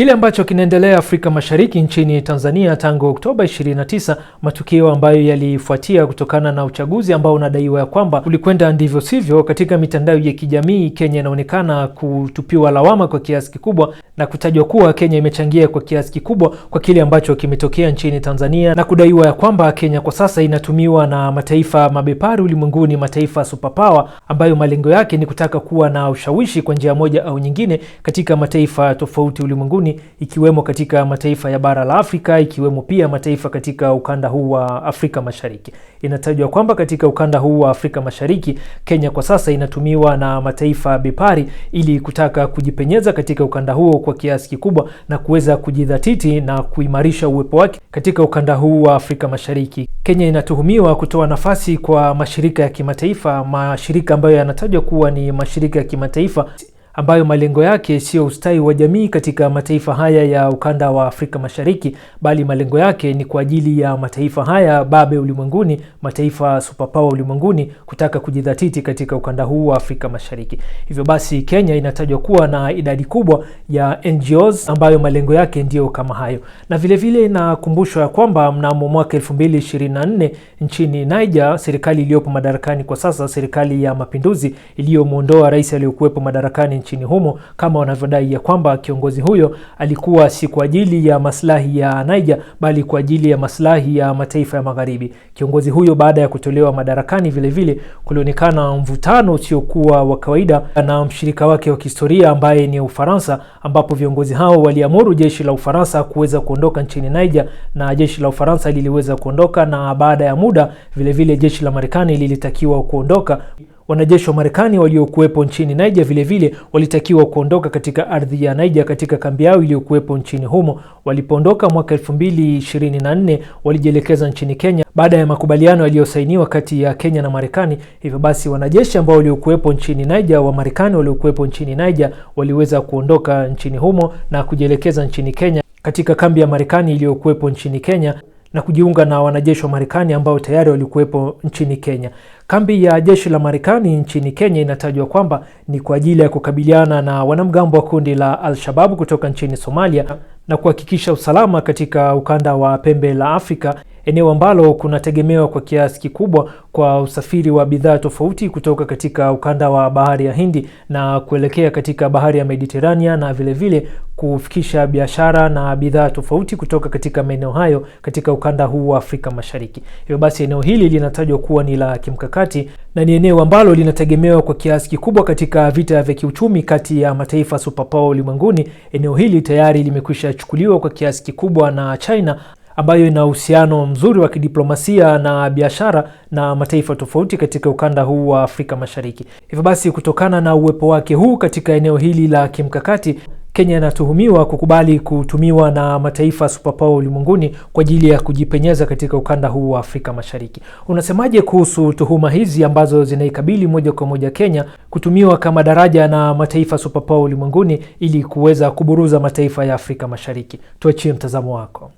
Kile ambacho kinaendelea Afrika Mashariki nchini Tanzania tangu Oktoba 29, matukio ambayo yalifuatia kutokana na uchaguzi ambao unadaiwa ya kwamba ulikwenda ndivyo sivyo. Katika mitandao ya kijamii, Kenya inaonekana kutupiwa lawama kwa kiasi kikubwa na kutajwa kuwa Kenya imechangia kwa kiasi kikubwa kwa kile ambacho kimetokea nchini Tanzania na kudaiwa ya kwamba Kenya kwa sasa inatumiwa na mataifa mabepari ulimwenguni, mataifa superpower ambayo malengo yake ni kutaka kuwa na ushawishi kwa njia moja au nyingine katika mataifa tofauti ulimwenguni ulimwenguni ikiwemo katika mataifa ya bara la Afrika ikiwemo pia mataifa katika ukanda huu wa Afrika Mashariki. Inatajwa kwamba katika ukanda huu wa Afrika Mashariki, Kenya kwa sasa inatumiwa na mataifa bipari ili kutaka kujipenyeza katika ukanda huo kwa kiasi kikubwa na kuweza kujidhatiti na kuimarisha uwepo wake katika ukanda huu wa Afrika Mashariki. Kenya inatuhumiwa kutoa nafasi kwa mashirika ya kimataifa, mashirika ambayo yanatajwa kuwa ni mashirika ya kimataifa ambayo malengo yake sio ustawi wa jamii katika mataifa haya ya ukanda wa Afrika Mashariki, bali malengo yake ni kwa ajili ya mataifa haya babe ulimwenguni, mataifa superpower ulimwenguni kutaka kujidhatiti katika ukanda huu wa Afrika Mashariki. Hivyo basi, Kenya inatajwa kuwa na idadi kubwa ya NGOs ambayo malengo yake ndiyo kama hayo, na vilevile inakumbushwa ya kwamba mnamo mwaka 2024 nchini Niger, serikali iliyopo madarakani kwa sasa, serikali ya mapinduzi iliyomwondoa rais aliyokuwepo madarakani nchini nchini humo, kama wanavyodai ya kwamba kiongozi huyo alikuwa si kwa ajili ya maslahi ya Niger, bali kwa ajili ya maslahi ya mataifa ya magharibi. Kiongozi huyo baada ya kutolewa madarakani, vilevile kulionekana mvutano usiokuwa wa kawaida na mshirika wake wa kihistoria ambaye ni Ufaransa, ambapo viongozi hao waliamuru jeshi la Ufaransa kuweza kuondoka nchini Niger, na jeshi la Ufaransa liliweza kuondoka, na baada ya muda vilevile vile jeshi la Marekani lilitakiwa kuondoka. Wanajeshi wa Marekani waliokuwepo nchini Niger vilevile walitakiwa kuondoka katika ardhi ya Niger katika kambi yao iliyokuwepo nchini humo. Walipoondoka mwaka 2024 walijielekeza nchini Kenya baada ya makubaliano yaliyosainiwa kati ya Kenya na Marekani. Hivyo basi wanajeshi ambao waliokuwepo nchini Niger wa Marekani waliokuwepo nchini Niger waliweza kuondoka nchini humo na kujielekeza nchini Kenya katika kambi ya Marekani iliyokuwepo nchini Kenya na kujiunga na wanajeshi wa Marekani ambao tayari walikuwepo nchini Kenya. Kambi ya jeshi la Marekani nchini Kenya inatajwa kwamba ni kwa ajili ya kukabiliana na wanamgambo wa kundi la al shababu kutoka nchini Somalia na kuhakikisha usalama katika ukanda wa pembe la Afrika eneo ambalo kunategemewa kwa kiasi kikubwa kwa usafiri wa bidhaa tofauti kutoka katika ukanda wa bahari ya Hindi na kuelekea katika bahari ya Mediterania na vilevile vile kufikisha biashara na bidhaa tofauti kutoka katika maeneo hayo katika ukanda huu wa Afrika Mashariki. Hivyo basi, eneo hili linatajwa kuwa ni la kimkakati na ni eneo ambalo linategemewa kwa kiasi kikubwa katika vita vya kiuchumi kati ya mataifa superpower ulimwenguni. Eneo hili tayari limekwisha chukuliwa kwa kiasi kikubwa na China ambayo ina uhusiano mzuri wa kidiplomasia na biashara na mataifa tofauti katika ukanda huu wa Afrika Mashariki. Hivyo basi, kutokana na uwepo wake huu katika eneo hili la kimkakati, Kenya inatuhumiwa kukubali kutumiwa na mataifa superpower ulimwenguni kwa ajili ya kujipenyeza katika ukanda huu wa Afrika Mashariki. Unasemaje kuhusu tuhuma hizi ambazo zinaikabili moja kwa moja Kenya kutumiwa kama daraja na mataifa superpower ulimwenguni ili kuweza kuburuza mataifa ya Afrika Mashariki? Tuachie mtazamo wako.